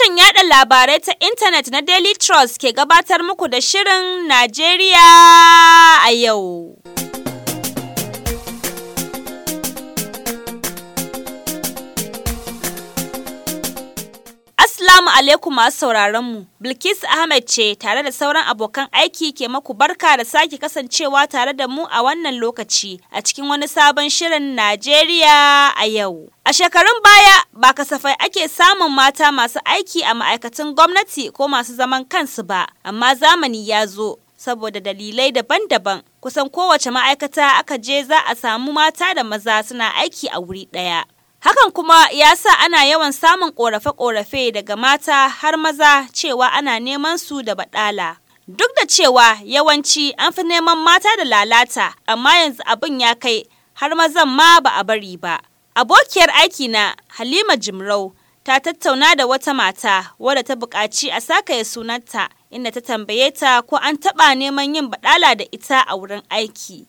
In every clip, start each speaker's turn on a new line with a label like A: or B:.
A: Sashen yada labarai ta intanet na Daily Trust ke gabatar muku da Shirin Najeriya a yau. alaikum masu sauraron mu. Bilkis Ahmed ce tare da sauran abokan aiki ke maku barka da sake kasancewa tare da mu a wannan lokaci a cikin wani sabon shirin Najeriya a yau. A shekarun baya ba kasafai ake samun mata masu aiki a ma'aikatan gwamnati ko masu zaman kansu ba, amma zamani ya zo saboda dalilai daban-daban. Kusan kowace ma'aikata aka je za a samu mata da maza suna aiki a wuri ɗaya. Hakan kuma ya sa ana yawan samun ƙorafe-ƙorafe daga mata har maza cewa ana neman su da baɗala. Duk da cewa yawanci an fi neman mata da lalata, amma yanzu abin ya kai har mazan ma ba a bari ba. Abokiyar aiki na Halima Jimrau ta tattauna da wata mata wadda ta buƙaci a sakaya sunanta inda ta tambaye ta ko an taɓa neman yin baɗala da ita a wurin aiki.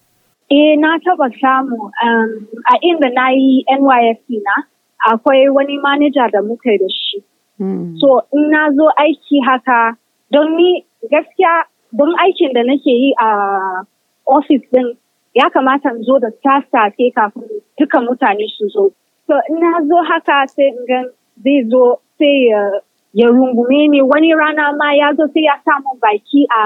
B: Eh na taba samu um, a inda na yi NYSC na akwai wani manaja da muka da shi. Hmm. So in na zo aiki haka don ni gaskiya don aikin da nake yi a ofis din ya kamata in zo da sassafe kafin duka mutane su zo. So in na zo haka sai in gan zai zo sai ya rungume ni wani rana ma ya zo sai ya samu baki a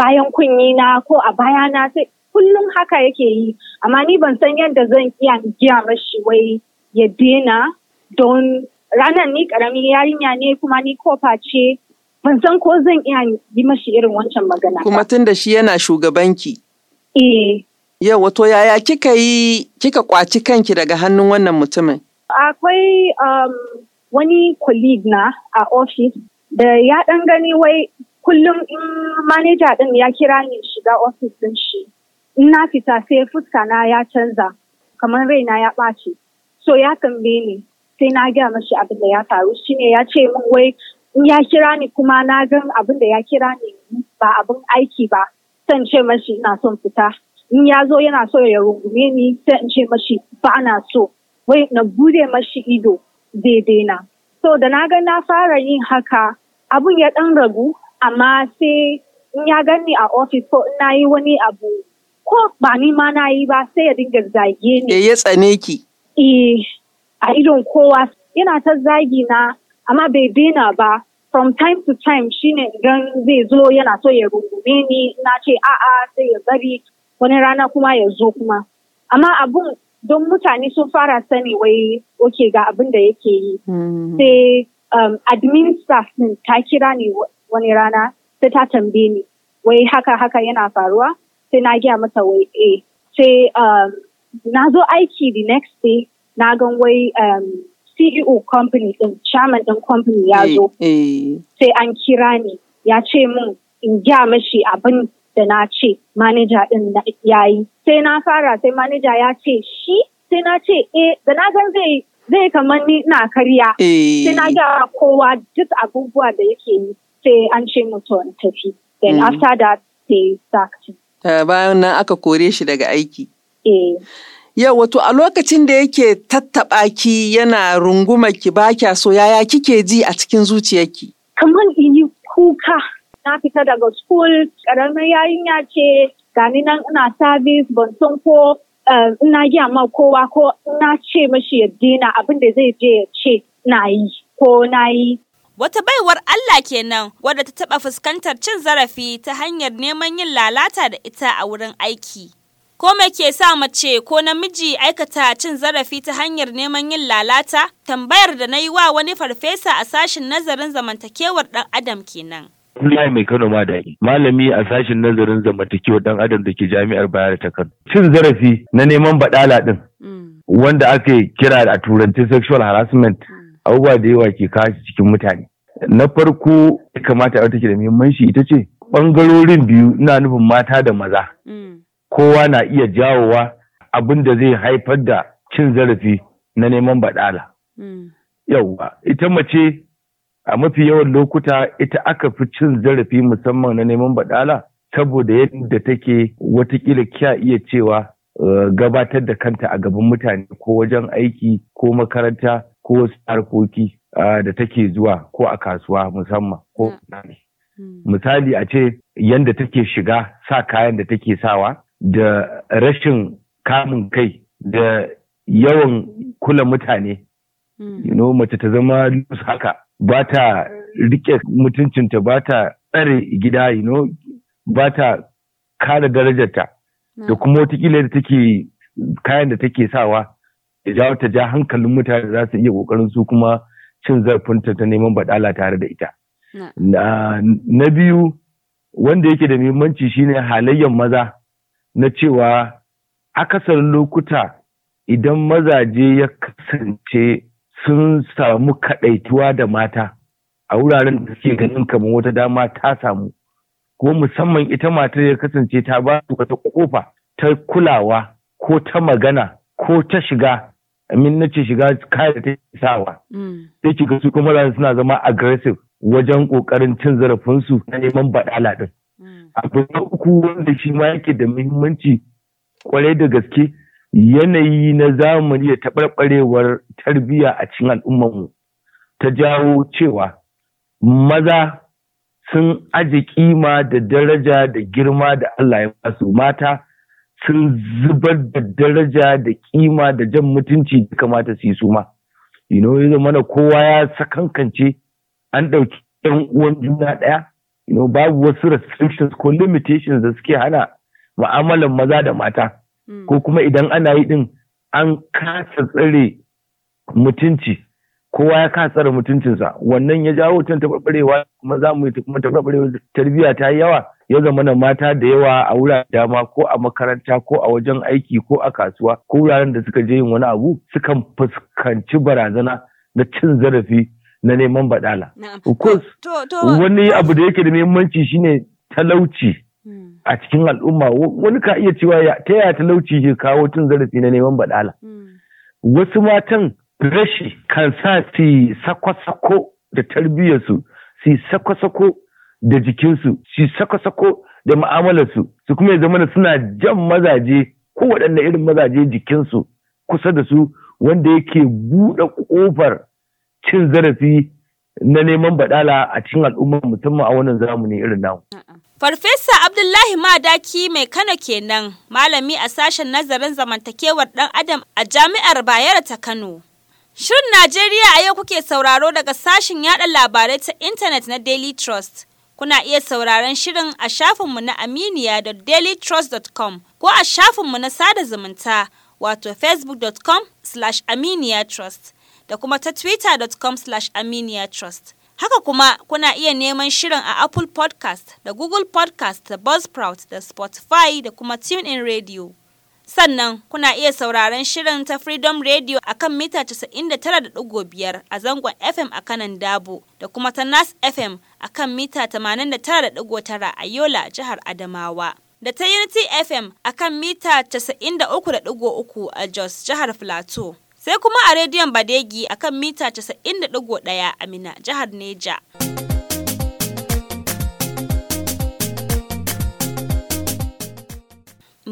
B: bayan kunyi ko a bayana sai kullum haka yake yi amma ni ban san yadda zan iya giya mashi wai ya dena don ranar ni karamin yarinya ne kuma ni kofa ce ban san ko zan iya yi mashi irin wancan magana kuma
C: tun da shi yana shugabanki eh yau wato yaya kika yi kika kwaci kanki daga hannun wannan mutumin
B: akwai um, wani colleague na a office da ya dan gani wai kullum in manaja din ya kira ni shiga ofis din shi in na fita sai fuska na ya canza kamar raina ya ɓaci so ya tambaye ni sai na gaya mashi abin da ya faru shine ya ce min wai in ya kira ni kuma na gan abin da ya kira ni ba abin aiki ba san ce mashi ina son fita in ya zo yana so ya rungume ni san ce mashi ba na so wai na bude mashi ido daidai na so da na ga na fara yin haka abun ya dan ragu amma sai in ya gani a ofis ko in na yi wani abu ko ba ni ma na yi ba sai ya dinga zage ni. Eh, ya tsane ki. Eh, a idon kowa yana ta zagi na amma bai daina ba from time to time shine idan zai zo yana so ya rungume ni na ce a'a sai ya bari wani rana kuma ya zo kuma. Amma abun don mutane sun fara sani wai oke ga abin da yake yi. Mm-hmm. Sai um, admin ta kira ni wani rana sai ta tambaye ni wai haka haka yana faruwa sai na gaya mata wai A. Eh, sai um, na zo aiki the next day na gan wai um, CEO company din chairman din company ya eh, zo eh. sai an kira ni ya ce mun in gya mashi abin da na ce manaja din ya yi sai na fara sai manaja ya ce shi sai na ce eh da na gan zai zai kamar ni na karya sai na gya kowa duk abubuwa da yake yi sai an ce mutu tafi then mm. after that sai sacked
C: Eh, bayan nan aka kore shi daga aiki. Eh. Yau wato a lokacin da yake tattaɓa ki yana runguma ki ba kya so yaya kike ji a cikin zuciyarki? Kamar in yi kuka na fita daga
B: school ƙaramin ya ce gani nan ina service ban san ko eh, ina giya ma kowa ko ina ce mashi ya dina abin da zai je ya ce na yi ko na yi
A: Wata baiwar Allah kenan wadda ta taɓa fuskantar cin zarafi ta hanyar neman yin lalata da ita a wurin aiki. Ko me ke sa mace ko namiji aikata cin zarafi ta hanyar neman yin lalata? Tambayar da na yi wa wani farfesa a sashen nazarin zamantakewar ɗan adam kenan.
D: Abdullahi mai Kano ma da malami a sashen nazarin zamantakewar ɗan adam da ke jami'ar Bayar ta Kano. Cin zarafi na neman baɗala ɗin mm. wanda ake kira a turanci sexual harassment. Mm. abubuwa da yawa ke kawo cikin mutane na farko ya kamata a take da muhimmanci ita ce ɓangarorin biyu na nufin mata da maza mm. kowa na iya jawowa abin da zai haifar da cin zarafi na neman baɗala. Mm. Yawwa ita mace a mafi yawan lokuta ita aka fi cin zarafi musamman na neman baɗala saboda yadda take watakila kya iya cewa eh, gabatar da kanta a gaban mutane ko wajen aiki ko makaranta ko wasu harkoki da take zuwa ko a kasuwa musamman ko hmm. misali a ce yadda take shiga sa kayan da take sawa da rashin kamun kai da yawan kula mutane hmm. you know mace ta zama lus haka ba ta rike mutuncinta ba ta tsare gida you know ba ta kare darajarta da kuma watakila da take kayan da take sawa da jawo ta ja hankalin mutane za su iya kokarin su kuma cin zarfinta ta neman baɗala tare da ita na biyu wanda yake da muhimmanci shine halayyar maza na cewa akasar lokuta idan mazaje ya kasance sun samu kaɗaituwa da mata a wuraren da suke ganin kamar wata dama ta samu ko musamman ita matar ya kasance ta ba su wata kofa ta kulawa ko ta magana ko ta shiga min na ce shiga kaya ta sawa mm. sai ki ga su kuma da suna zama aggressive wajen kokarin cin zarafinsu na neman badala din mm. abu na uku wanda shi ma yake da muhimmanci kwarai da gaske yanayi na zamani da taɓarɓarewar tarbiyya a cikin al'ummarmu ta jawo cewa maza sun aje kima da daraja da girma da Allah ya basu mata sun zubar da daraja da kima da jan mutunci da kamata su yi su ma ino ya zama na kowa ya sakankance an ɗauki ɗan uwan juna ɗaya ino babu wasu restrictions ko limitations da suke hana ma'amalan maza da mata hmm. ko kuma idan ana yi ɗin an kasa tsare mutunci kowa ya kasa tsare mutuncinsa wannan ya jawo can taɓarɓarewa kuma za mu yi kuma taɓarɓarewa tarbiyya ta yi yawa ya zama na mata da yawa a wuraren dama ko a makaranta ko a wajen aiki ko a kasuwa ko wuraren da suka je yin wani abu sukan fuskanci barazana na cin zarafi na neman badala. wani abu da yake da muhimmanci shine talauci hmm. a cikin al'umma wani ka iya cewa ta yaya talauci ke kawo cin zarafi na neman badala. Hmm. Wasu matan rashi kan sa su yi sako-sako da tarbiyyarsu su yi sako-sako da jikinsu su yi sako-sako da ma'amalarsu su kuma ya zama da suna jan mazaje ko waɗanda irin mazaje jikinsu kusa da su wanda yake buɗe ƙofar cin zarafi na neman baɗala a cikin al'ummar musamman a wannan zamani irin namu.
A: Farfesa Abdullahi Madaki mai Kano kenan malami a sashen nazarin zamantakewar ɗan Adam a Jami'ar Bayero ta Kano. Shirin Najeriya a yau kuke sauraro daga sashen yada labarai ta intanet na Daily Trust. Kuna iya sauraron shirin a shafinmu na aminiya da dailytrust.com ko a shafinmu na sada zumunta wato facebook.com aminiyatrust da kuma ta twitter.com aminiyatrust Haka kuma kuna iya neman shirin a Apple podcast da Google podcast da Buzzsprout da Spotify da kuma TuneIn Radio. Sannan kuna iya sauraron shirin ta Freedom Radio a kan mita 99.5 a zangon FM a kanan Dabo da kuma ta Nas FM a kan mita 89.9 a Yola, jihar Adamawa. Da ta Unity FM a kan mita 93.3 a Jos, jihar Filato. Sai kuma a rediyon Badegi a kan mita 91 a Mina, jihar Neja.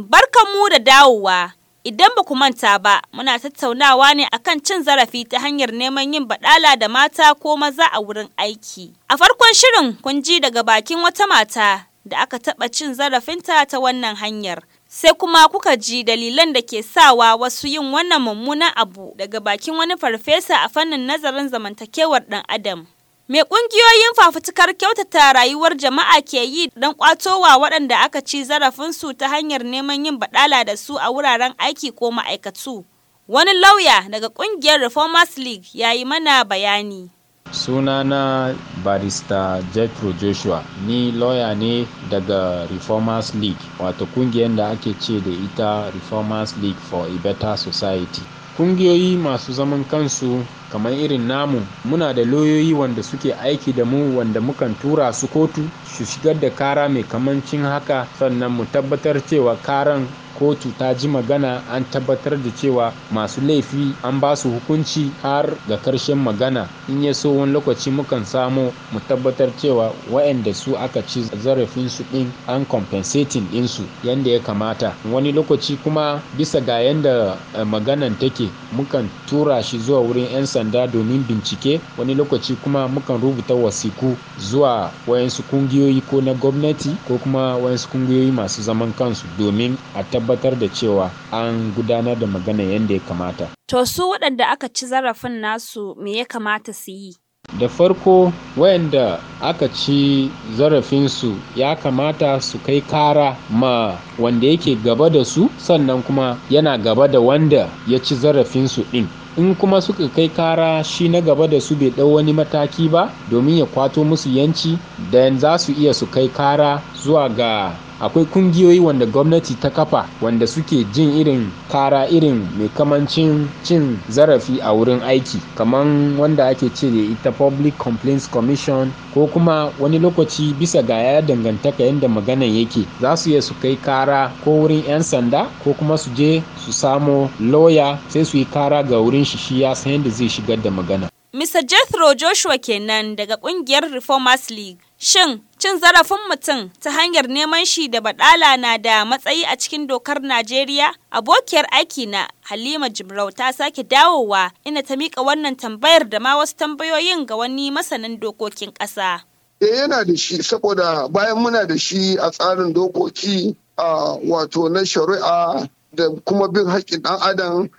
A: barkan mu da dawowa. Idan ba ku manta ba, muna tattaunawa ne akan cin zarafi ta hanyar neman yin baɗala da mata ko maza a wurin aiki. A farkon shirin kun ji daga bakin wata mata da aka taɓa cin zarafinta ta wannan hanyar. Sai kuma kuka ji dalilan da ke sawa wasu yin wannan mummunan abu daga bakin wani farfesa a fannin nazarin zamantakewar ɗan adam. Me kungiyoyin fafutukar kyautata rayuwar jama'a ke yi don wa waɗanda aka ci zarafinsu ta hanyar neman yin baɗala da su a wuraren aiki ko ma'aikatu? Wani lauya daga kungiyar Reformers League ya yi mana bayani.
E: Sunana barista Jethro Joshua ni lawyer ne daga Reformers League wato kungiyar da ake ce da ita Reformers League for a Better Society. ƙungiyoyi masu zaman kansu kamar irin namu muna da lauyoyi wanda suke aiki da mu wanda mukan tura su kotu su shigar da kara mai kamancin haka sannan mu tabbatar cewa karan kotu ta ji magana an tabbatar da cewa masu laifi an ba su hukunci har ga karshen magana in ya so wani lokaci mukan samu mu tabbatar cewa waɗanda su aka ci zarafin su ɗin an compensating ɗinsu yadda ya kamata wani lokaci kuma bisa ga yadda eh, maganan take mukan tura shi zuwa wurin 'yan sanda domin bincike wani lokaci kuma mukan rubuta wasiku zuwa wayansu kungiyoyi ko na gwamnati ko kuma wayansu kungiyoyi masu zaman kansu domin a tabbatar tabbatar da cewa an gudanar da magana yadda ya kamata.
A: To su waɗanda aka ci zarafin nasu me ya kamata su
E: yi? Da farko wayanda aka ci zarafinsu ya kamata su kai kara ma wanda yake gaba da su sannan kuma yana gaba da wanda ya ci zarafinsu ɗin. in kuma suka kai kara shi na gaba da su bai ɗau wani mataki ba domin ya kwato musu yanci da za su iya su kai kara zuwa ga akwai kungiyoyi wanda gwamnati ta kafa wanda suke jin irin kara irin mai kamancin cin zarafi a wurin aiki kaman wanda ake ce da ita public complaints commission ko kuma wani lokaci bisa ga ya dangantaka yadda maganan yake za su iya su kai kara ko wurin 'yan sanda ko kuma su je su samo lawyer sai su yi kara ga wurin shi shi ya san yadda zai shigar da magana.
A: Mr. Jethro Joshua kenan daga kungiyar Reformers League. Shin cin zarafin mutum ta hanyar neman shi da baɗala na da matsayi a cikin dokar Najeriya? Abokiyar aiki na Halima Jimrau ta sake dawowa ina ta miƙa wannan tambayar da ma wasu tambayoyin ga wani masanin dokokin ƙasa.
F: Eh yana da shi saboda bayan muna da shi a tsarin dokoki a wato na shari'a da kuma bin haƙƙin ɗan adam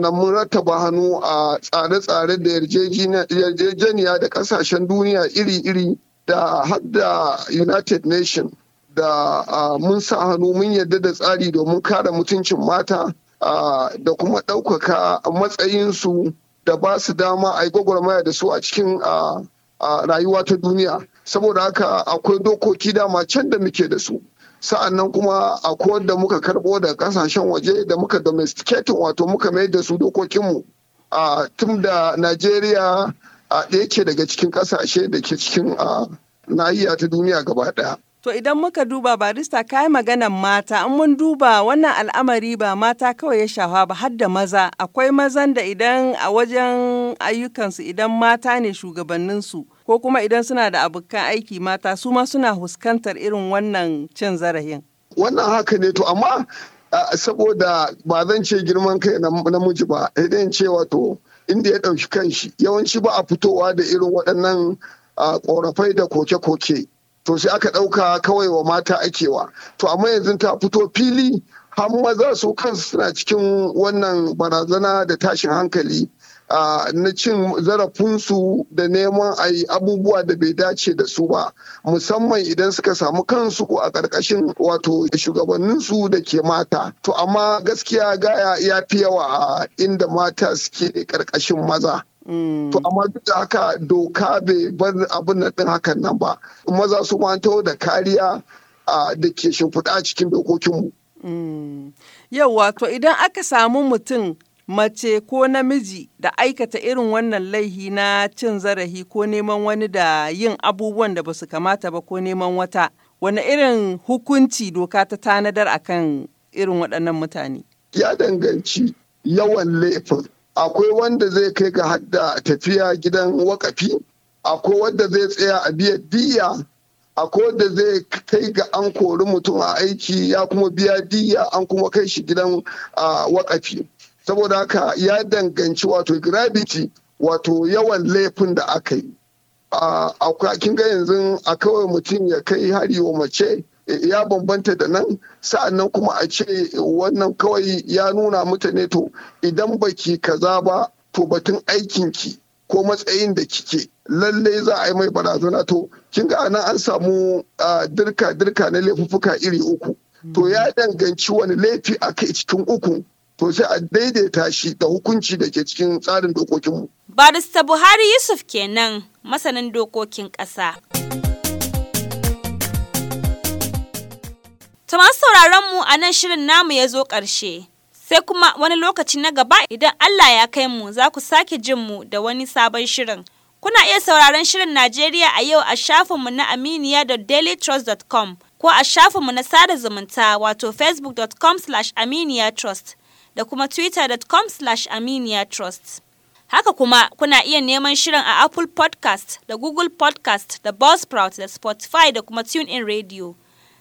F: nan mun rattaba hannu a tsare-tsare da yarjejeniya da ƙasashen duniya iri-iri da hadda united nation da mun sa hannu mun yadda da tsari domin kare mutuncin mata da kuma ɗaukaka matsayinsu da ba su dama a yi gwagwarmaya da su a cikin rayuwa ta duniya saboda haka akwai dokoki dama can da muke da su sa'annan kuma akwai wanda muka karɓo da kasashen waje da muka domesticating wato muka mai da su dokokinmu tun da najeriya a ɗaya ke daga cikin ƙasashe da ke cikin a nahiya ta duniya gaba ɗaya.
C: To idan muka duba barista ka yi maganan mata, an mun duba wannan al'amari ba mata kawai ya shafa ba har da maza, akwai mazan da idan a wajen ayyukansu idan mata ne shugabanninsu, ko kuma idan suna da abokan aiki mata su ma suna huskantar irin wannan cin zarafin.
F: Wannan haka ne to amma saboda ba zan ce girman kai namiji ba, idan ce wato inda ya ɗauki kanshi yawanci ba a fitowa da irin waɗannan ƙorafai da koke-koke to sai aka ɗauka kawai wa mata akewa to amma yanzu ta fito fili har maza su kansu suna cikin wannan barazana da tashin hankali na cin zarafinsu da neman a yi abubuwa da bai dace da su ba musamman idan suka samu kansu a ƙarƙashin wato shugabanninsu da ke mata to amma gaskiya gaya ya fi yawa a inda mata suke ƙarƙashin maza mm. To amma duk da haka doka bai bar abin na ɗin hakan nan ba maza su manto da kariya da ke shimfiɗa cikin dokokinmu.
C: Mm. Yau wato idan aka samu mutum mace ko namiji da aikata irin wannan laihi na cin zarafi ko neman wani da yin abubuwan da ba su kamata ba ko neman wata wani irin hukunci doka ta tanadar a kan irin waɗannan mutane
F: ya danganci yawan laifin akwai wanda zai kai ga hadda tafiya gidan wakafi akwai wanda zai tsaya a biya diya akwai wanda zai kai ga an kori mutum a aiki ya kuma biya diya an kuma kai shi gidan ah, wakafi saboda haka ya danganci wato gravity wato yawan laifin da aka yi a kin ga yanzu a kawai mutum ya kai hari wa mace ya bambanta da nan nan kuma a ce wannan kawai ya nuna mutane to idan baki kaza ba to batun aikinki ko matsayin da kike lallai za a yi mai barazana to kin ga nan an samu dirka dirka na laifuffuka iri uku to ya danganci wani laifi a kai cikin uku to sai a daidaita shi da hukunci da ke cikin tsarin dokokinmu.
A: Barista Buhari Yusuf kenan masanin dokokin ƙasa. Tama sauraron mu a nan shirin namu ya zo ƙarshe. Sai kuma wani lokaci na gaba idan Allah ya kai mu za ku sake jin mu da wani sabon shirin. Kuna iya sauraron shirin Najeriya a yau a shafinmu na aminiya.dailytrust.com ko a shafinmu na sada zumunta wato facebookcom aminiyatrust trust. da kuma twitter.com slash trust Haka kuma kuna iya neman shirin a Apple podcast da Google podcast da Buzzsprout da Spotify da kuma in Radio.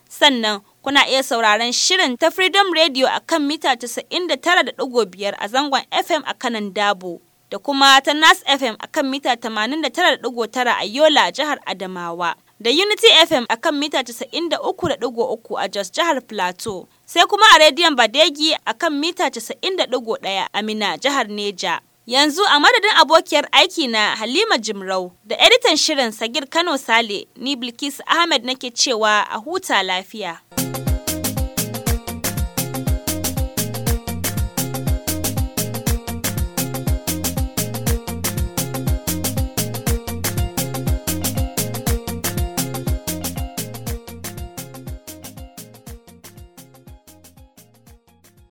A: Sannan kuna iya sauraron shirin ta Freedom Radio a kan mita 99.5 a zangon FM a kanan Dabo da kuma ta Nas FM a kan mita 89.9 a Yola jihar Adamawa. da Unity FM a kan mita 93.3 a Jos jihar Plateau, sai kuma a rediyon Badegi a kan mita 90.1 a Mina jihar Neja. Yanzu a madadin abokiyar aiki na Halima Jimrau da editan shirin Sagir Kano Sale, ni bilkis Ahmed nake cewa a huta lafiya.